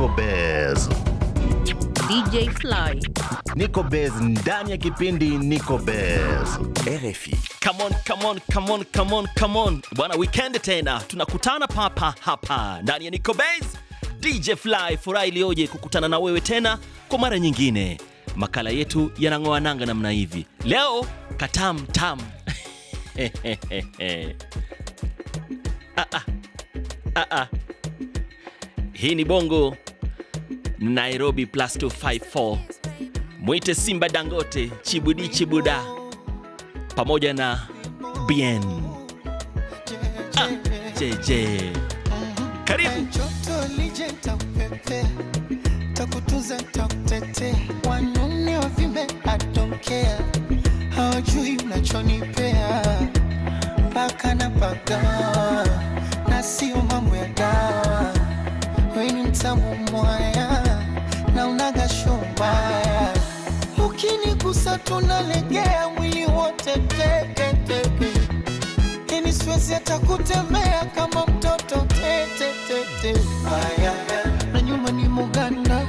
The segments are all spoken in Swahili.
Nico Bez. DJ Fly. Nico Bez ndani ya kipindi Nico Bez. RFI. Come on, come on, come on, come on, come on. Bwana weekend tena. Tunakutana papa hapa ndani ya Nico Bez. DJ Fly, furaha iliyoje kukutana na wewe tena kwa mara nyingine. Makala yetu yanang'oa nanga namna hivi. Leo katam tam. ah, ah. Ah, ah. Hii ni Bongo Nairobi plus 254. Mwite Simba Dangote, Chibudi Chibuda pamoja na Bien ah, JJ karibu takutuza takutetea, wanune wavimbe atokea, hawajui mnachonipea mpaka na paga na sio mambo ya dawa Weni mtamu mwaya na unaga shumbaya, ukinigusa tunalegea mwili wote teke ini yani siwezi hata kutembea kama mtoto tete Na nyuma ni Muganda,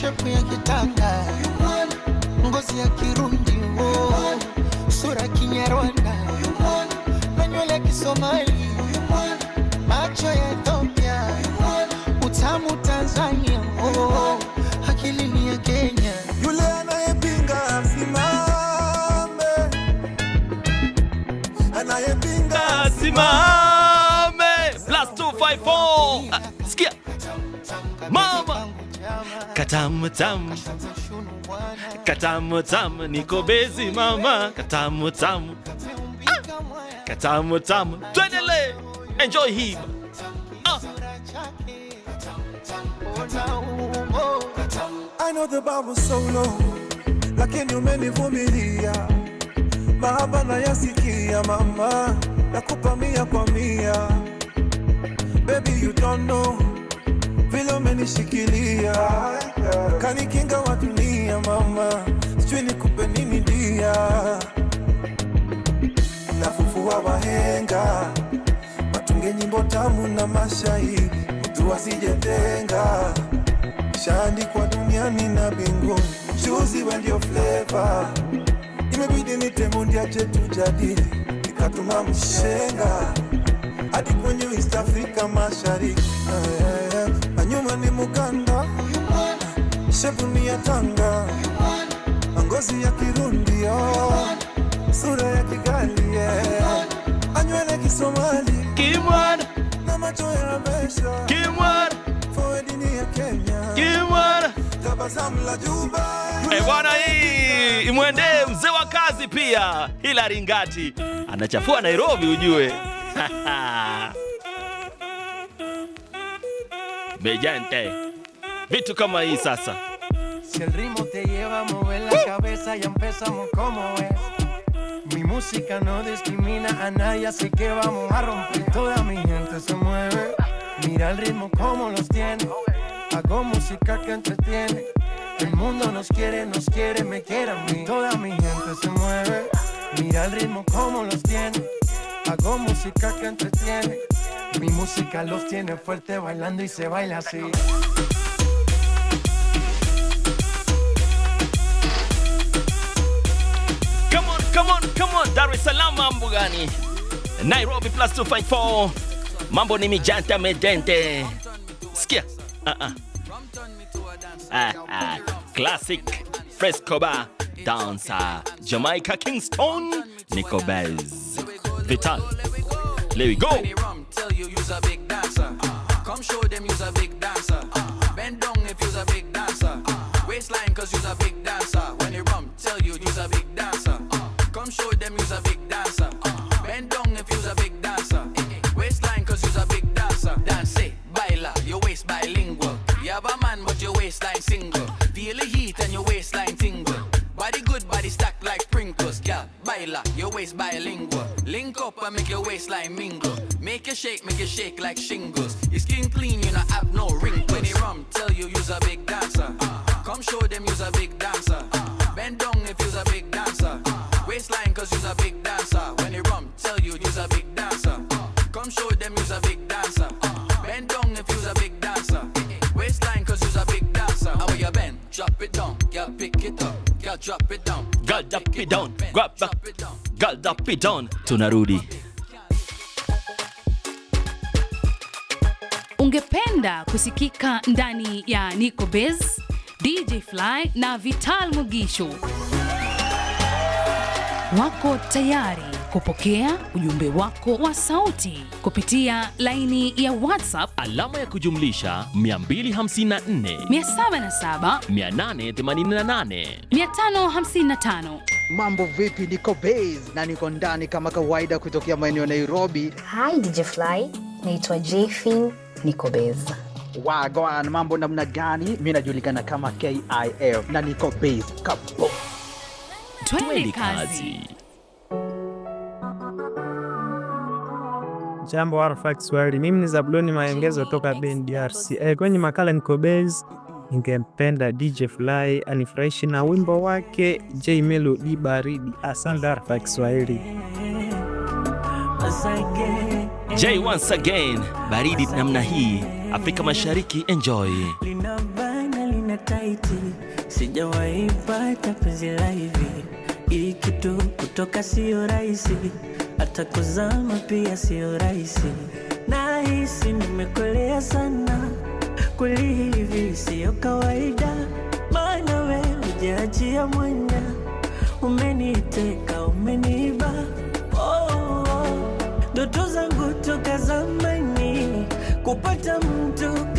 shepu ya kitanda, ngozi ya kiru usimame. Plus 254. Ah, skia mama, katamu tamu, katamu tamu, niko bezi mama, katamu tamu, ah. katamu tamu, enjoy him ah. I know the bar was so low, lakini umenivumilia mahaba na yasikia mama nakupa mia kwa mia, baby you don't know vile umenishikilia, kanikinga wa dunia mama, sijui nikupe nini dia, nafufua wahenga matunge nyimbo tamu na mashairi, mtu asijetenga shaandikwa duniani na binguni, mchuzi wendio ndio fleva, imebidi nitemundia chetu jadili katuma mshenga hadi kwenye East Africa mashariki anyuma na nyuma ni Muganda, shepu ni ya Tanga, ngozi ya Kirundi, sura ya Kigali, anywele Kisomali, Kimwana na macho ya besha Kimwana E bwana, hii imwendee mzee wa kazi pia, Hilary Ngati anachafua Nairobi ujue. Bejante vitu kama hii sasa Si el ritmo te lleva a mover la cabeza y empezamos como es. Mi música no discrimina a nadie, así que vamos a romper. Toda mi gente se mueve. Mira el ritmo como los tiene. Hago música que entretiene. El mundo nos quiere, nos quiere, me quiere a mí. Toda mi gente se mueve. Mira el ritmo como los tiene. Hago música que entretiene. Mi música los tiene fuerte bailando y se baila así. Come on, come on, come on, Dar es Salaam Nairobi plus 254. Mambo ni mi janta medente. Skia. Uh-uh. uh-uh. classic fresco bar dancer Jamaica Kingston Nico Bells Vital There we go you a big dancer Come show them you's a big dancer Bend down if you you's a big dancer Waistline cause you's a big dancer When they rum tell you you's a big dancer Come show them you's a big always bilingual. Link up and make your waistline mingle. Make you shake, make you shake like shingles. Your skin clean, you not have no wrinkles. When you rum, tell you use a big dancer. Come show them you's a big dancer. Bend down if you's a big dancer. Waistline cause you's a big dancer. When you rum, tell you use a big dancer. Come show them you's a big dancer. Bend down if you's a big dancer. Waistline cause you's a big dancer. How you bend? Drop it down, girl, pick it up. Girl, drop it down. Girl, drop it down. Grab back. Drop it down. Galdapidon, tunarudi. Ungependa kusikika ndani ya Nico Bez, DJ Fly na Vital Mugisho wako tayari kupokea ujumbe wako wa sauti kupitia laini ya WhatsApp alama ya kujumlisha 254 77 888 555 Mambo vipi? Niko base na niko ndani kama kawaida kutokea maeneo Nairobi. Hi DJ Fly, naitwa Jfin, niko base. Wagwan, mambo namna gani? Mi najulikana kama KIF na niko base kabo. Jambo Arfax mimi ni zabuloni Maengezo toka bndrc Eh, kwenye makala niko base ningempenda DJ Fly anifurahishi na wimbo wake J Melody baridi. Asante RFI Kiswahili. J once again baridi namna hii Afrika Mashariki, enjoy. Linabana lina taiti, sijawahi pata penzi la hivi. Hii kitu kutoka sio rahisi, hata kuzama pia sio rahisi. Nahisi nimekolea sana Kukuli hivi siyo kawaida, maana we hujaachia mwanya, umeniteka umeniba ndoto oh, oh, oh. zangu toka zamani kupata mtu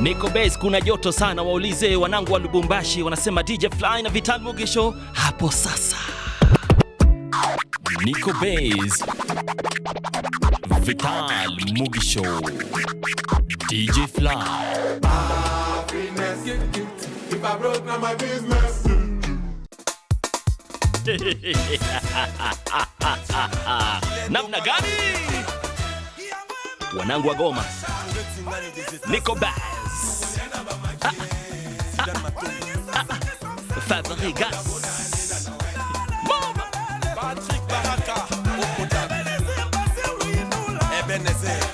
Niko Base, kuna joto sana. Waulize wanangu wa Lubumbashi, wanasema DJ Fly na Vital Mugisho hapo sasa. Niko Base, Vital Mugisho, DJ Fly. Namna gani? wanangu wa Goma, niko bas ah, Ebenezer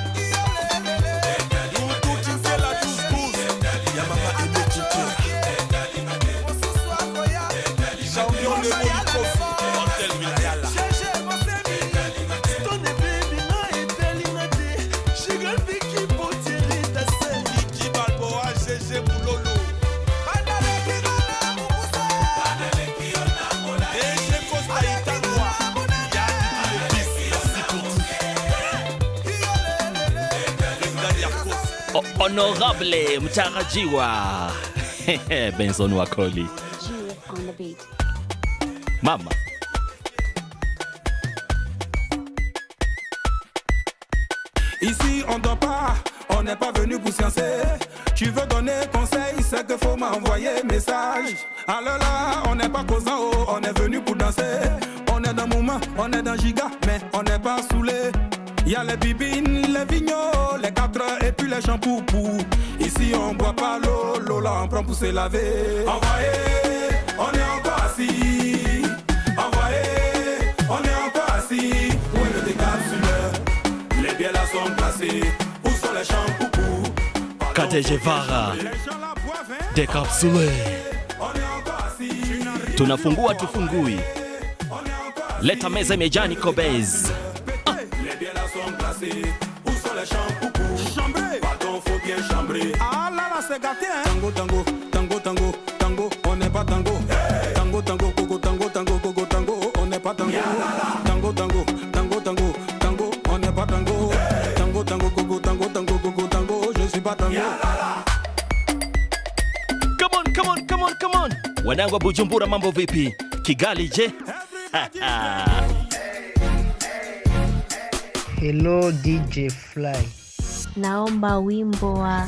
honorable Benson mama Ici on dort pas, on n'est pas venu pour sciencer. Tu veux donner conseil, c'est que faut m'envoyer message. Alors là, on n'est pas causant, oh, on est venu pour danser. On est dans moment, on est dans giga, mais on n'est pas saoulé. Y a les bibines, les vignoles, les quatre et puis les champoupous. Ici on boit pas l'eau, l'eau là on prend pour se laver. Envoyez, on est encore assis. Envoyez, on est encore assis. Où est le décapsuleur Les biens là sont placés. Où sont les champoupous Kate à décapsulé. Tunafungua tufungui, leta meza imejani Kobez. se gâter, hein. Tango, tango, tango, tango, tango, on n'est pas tango. Hey. Tango, tango, coco, tango, tango, coco, tango, on n'est pas tango. Yeah, Tango, tango, tango, tango, tango, on n'est pas tango. Hey. Tango, tango, coco, tango, tango, coco, tango, je suis pas tango. Yeah, Come on, come on, come on, come on. Wanangu Bujumbura, mambo VP, Kigali J. Hello DJ Fly. Naomba wimbo wa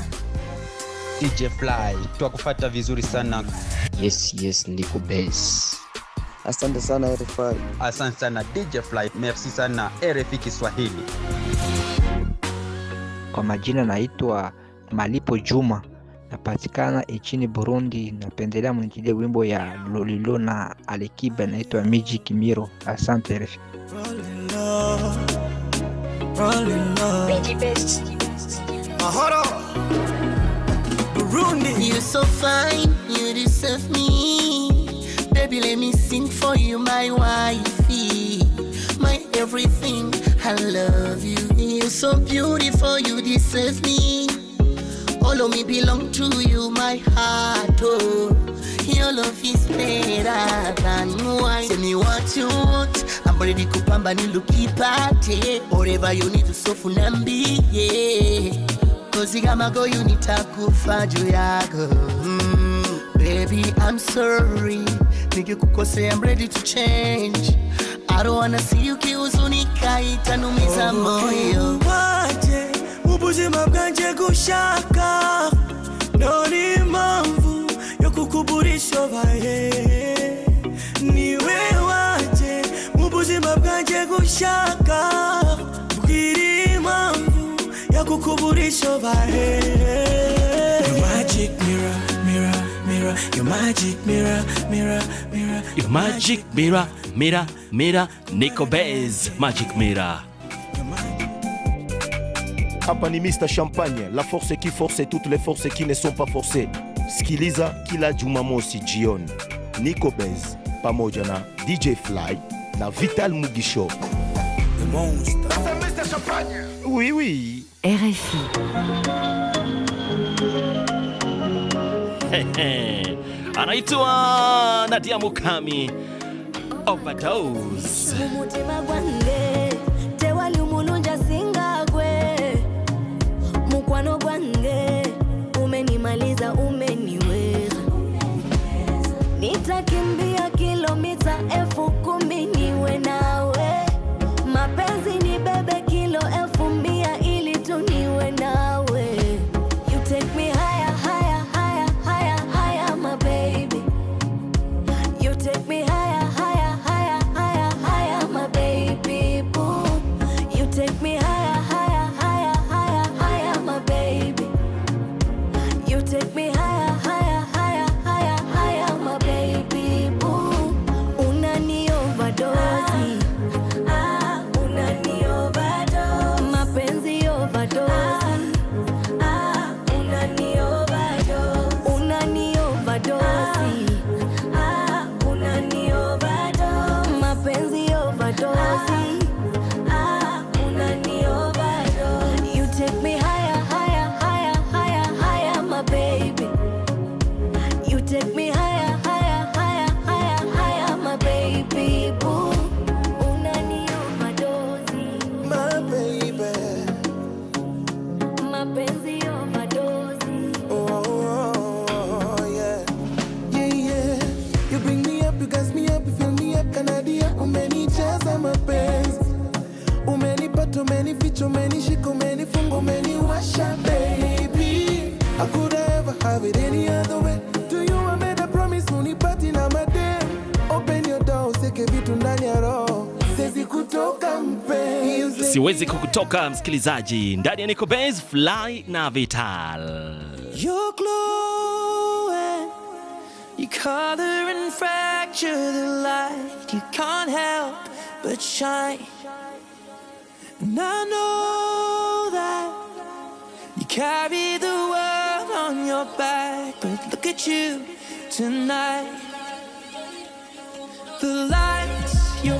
dj e Fly, twakufata vizuri sana. Yes, yes, ndiko base. Asante sana rf Asante sana DJ Fly. Merci sana rf Kiswahili. Kwa majina naitwa Malipo Juma, napatikana nchini Burundi. Napendelea mnichilie wimbo ya Lolilo na alekiba naitwa Miji Kimiro. Asante rf Rolling love, rolling love. Burundi. You so fine, you deserve me. Baby, let me sing for you, my wifey. My everything, I love you. You so beautiful, you deserve me. All of me belong to you, my heart. Oh, your love is better than wine. Tell me what you want, I'm ready kupamba party. Whatever you need, so funambie. Yeah. ozigamago nitakufa juu yako mm, baby I'm sorry nikikukosea I'm ready to change I don't wanna see you kihuzunika itanumiza oh, moyo waje mubuzima bwanje gushaka noni impamvu yo kukuburisha baye niwe waje mubuzima bwanje gushaka kukuburisho magic mirror, mirror, mirror magic Mira Mira Mira Your Champagne, la force qui force toutes les forces qui ne sont pas forcées. skiliza kila Jumamosi jioni. Nico Bez pamoja na DJ Fly na Vital Mugisho. The oui, oui. RFI. anaitwa Nadia Mukami Overdose. siwezi kukutoka msikilizaji, ndani ya Nico Bez Fly na Vital. Your color and fracture the light you can't help but shine and I know that you carry the world on your back but look at you tonight the lights your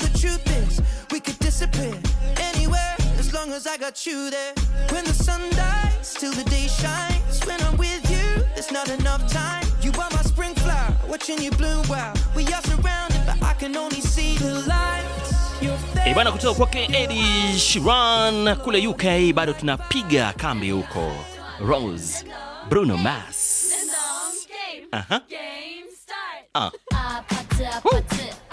know the truth is, we could disappear anywhere as long as I got you there. When the sun dies, till the day shines. When I'm with you, there's not enough time. You are my spring flower, watching you bloom. Wow, we are surrounded, but I can only see the lights. Hey, eh, bana kutoka kwake edi shiran kule UK bado tunapiga kambi huko. Rose, Bruno Mars. Aha. Uh-huh.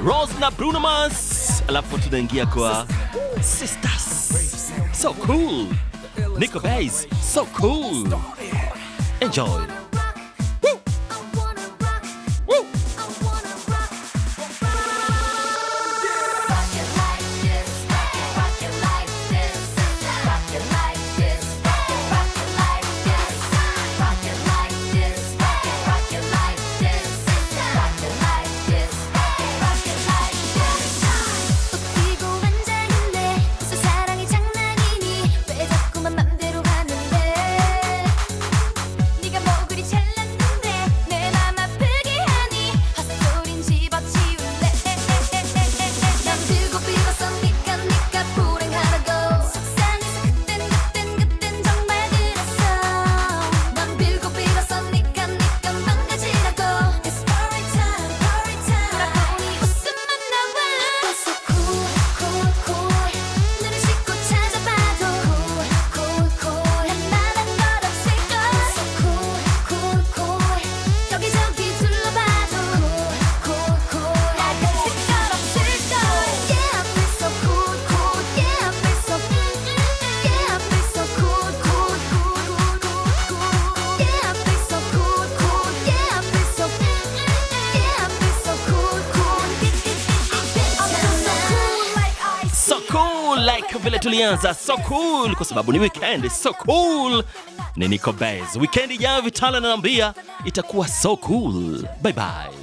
Rose na Bruno Mars, alafu tunaingia kwa Sisters. So cool. Nico Bass, so cool. Enjoy. vile tulianza so cool, kwa sababu ni weekend. So cool ni Nico Bez. Weekend ijayo vitala ananiambia itakuwa so cool. Bye bye.